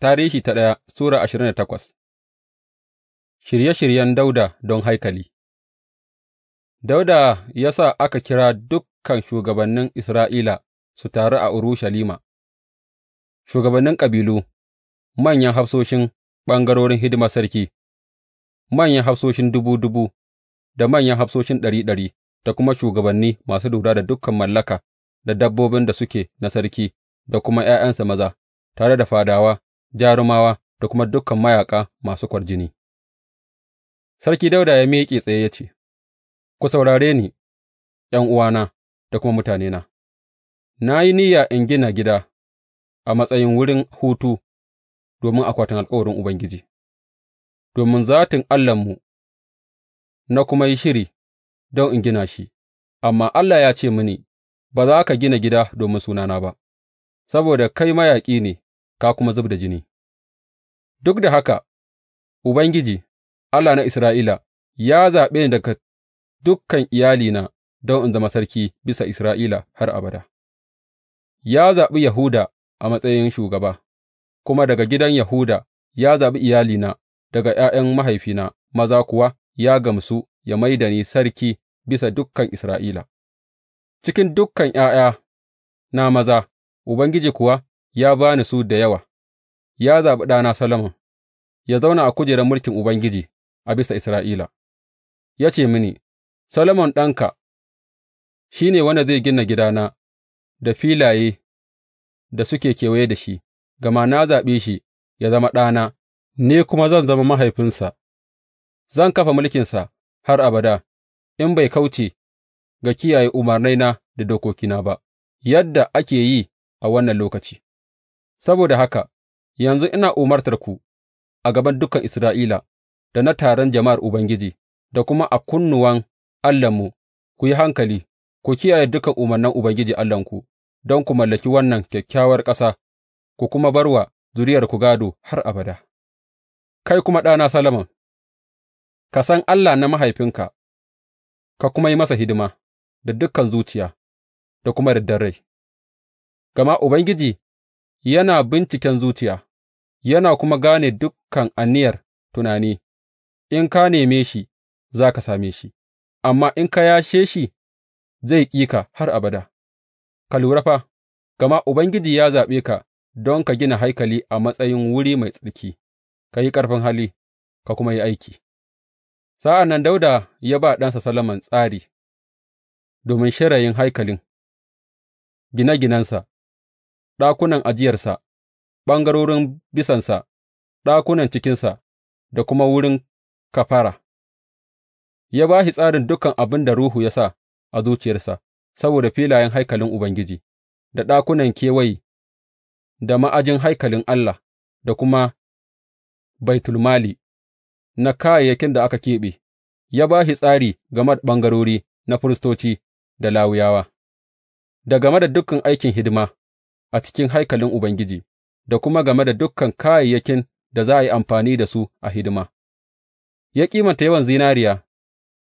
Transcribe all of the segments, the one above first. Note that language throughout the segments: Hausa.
Tarihi ta ɗaya Sura ashirin da takwas Shirye shiryen Dauda don haikali Dauda ya sa aka kira dukkan shugabannin Isra'ila su taru a Urushalima, shugabannin ƙabilu, manyan hafsoshin ɓangarorin hidimar sarki, manyan hafsoshin dubu dubu da manyan hafsoshin ɗari ɗari da kuma shugabanni masu lura da dukkan mallaka da dabbobin da suke na sarki da kuma ’ya'yansa maza, tare da fadawa jarumawa da kuma dukan mayaƙa masu kwarjini. Sarki Dauda ya miƙe tsaye ya ce, Ku saurare ni, uwana, da kuma mutanena, na yi niyya in gina gida a matsayin wurin hutu domin akwatin alkawarin Ubangiji, domin zatin mu. na kuma yi shiri don in gina shi, amma Allah ya ce mini, Ba za ka gina gida domin sunana ba, saboda kai mayaƙi ne ka kuma zub da jini, duk da haka Ubangiji, Allah na Isra'ila, ya zaɓe ni daga dukan iyalina don in zama sarki bisa Isra'ila har abada, ya zaɓi Yahuda a matsayin shugaba, kuma daga gidan Yahuda ya zaɓi iyalina daga ’ya'yan mahaifina maza kuwa ya gamsu ya mai da ni sarki bisa dukan Isra'ila, cikin dukan na maza, Ubangiji kuwa ya ba ni su da yawa, ya zaɓi ɗana Solomon Ya zauna a kujerar mulkin Ubangiji a bisa Isra'ila, ya ce mini, Solomon ɗanka shi ne wanda zai gina gidana da filaye da suke kewaye da shi, gama na zaɓe shi ya zama ɗana, ne kuma zan zama mahaifinsa, zan kafa mulkinsa har abada, in bai kauce ga kiyaye umarnaina da dokokina ba, yadda ake yi a wannan lokaci. Saboda haka yanzu ina umartarku a gaban dukan Isra'ila da na taron jama'ar Ubangiji da kuma a kunnuwan Allahnmu, ku yi hankali, ku kiyaye dukan umarnan Ubangiji Allahnku don ku mallaki wannan kyakkyawar ƙasa ku kuma bar wa zuriyarku gādo har abada, kai kuma ɗana Solomon, ka san Allah na mahaifinka, ka kuma yi masa hidima da dukan zuciya da kuma rai, gama Ubangiji yana binciken zuciya yana kuma gane dukan aniyar tunani; in ka neme shi, za ka same shi, amma in ka yashe shi, zai ƙi ka har abada, ka lura fa, gama Ubangiji ya zaɓe ka don ka gina haikali a matsayin wuri mai tsarki, ka yi ƙarfin hali, ka kuma yi aiki. Sa'an nan Dauda ya ba ɗansa Solomon tsari domin shirayin haikalin, gine ginensa. ɗakunan ajiyarsa, ɓangarorin bisansa, ɗakunan cikinsa da kuma wurin kafara, ya ba shi tsarin dukan abin da Ruhu ya sa a zuciyarsa saboda filayen haikalin Ubangiji, da ɗakunan kewaye, da ma'ajin haikalin Allah, da kuma baitulmali na kayayyakin da aka keɓe, ya ba shi tsari game da ɓangarori na firistoci da lawuyawa. da game da dukan aikin hidima. a cikin haikalin Ubangiji da kuma game da dukan kayayyakin da za a yi amfani da su a hidima, ya kimanta yawan zinariya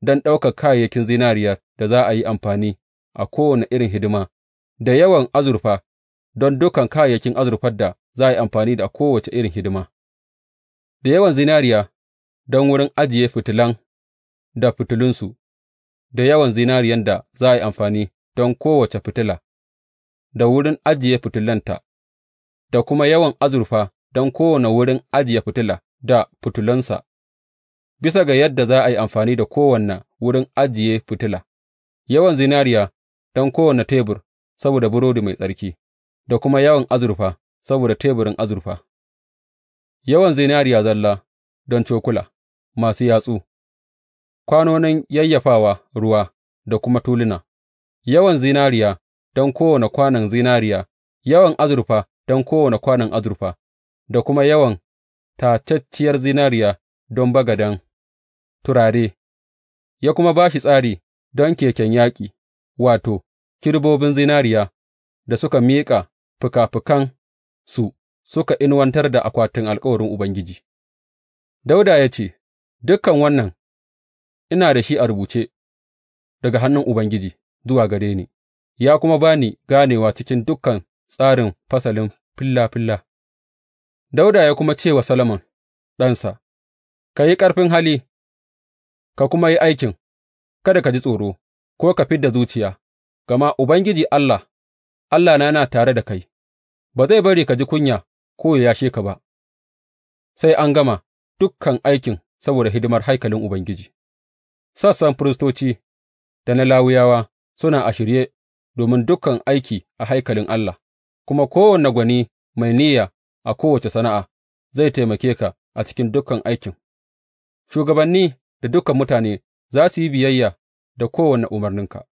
don ɗaukar kayayyakin zinariya da za a yi amfani a kowane irin hidima, da yawan azurfa don dukan kayayyakin azurfar da za a yi amfani da kowace irin hidima, da yawan zinariya don wurin ajiye fitilan da fitilunsu, da yawan zinariyan da za a yi amfani don kowace fitila. da wurin ajiye fitilanta, da kuma yawan azurfa don kowane wurin ajiye fitila da fitilunsa, bisa ga yadda za a yi amfani da kowane wurin ajiye fitila, yawan zinariya don kowane tebur saboda burodi mai tsarki, da kuma yawan azurfa saboda teburin azurfa, yawan zinariya zalla don cokula masu yatsu, kwanonin yayyafawa ruwa da kuma tuluna, yawan zinariya don kowane kwanon zinariya, yawan azurfa don kowane kwanon azurfa, da kuma yawan tacacciyar zinariya don bagaden turare, ya kuma ba shi tsari don keken yaƙi, wato, kerubobin zinariya da suka miƙa fikafikan su suka inuwantar da akwatin alkawarin Ubangiji. Dauda ya ce, Dukan wannan ina da shi a rubuce daga hannun Ubangiji zuwa gare ni. ya kuma ba ni ganewa cikin dukan tsarin fasalin filla filla, Dawuda ya kuma ce wa Solomon ɗansa, Ka yi ƙarfin hali, ka kuma yi aikin, kada ka ji tsoro, ko ka fid da zuciya, gama Ubangiji Allah, Allah na yana tare da kai, ba zai bari ka ji kunya ko ya yashe ka ba, sai an gama dukkan aikin saboda hidimar haikalin Ubangiji. Sassan firistoci da na lawuyawa suna a shirye domin dukan aiki a haikalin Allah, kuma kowane gwani mai niyya a kowace sana'a zai taimake ka a cikin dukan aikin, shugabanni da dukan mutane za su yi biyayya da kowane umarninka.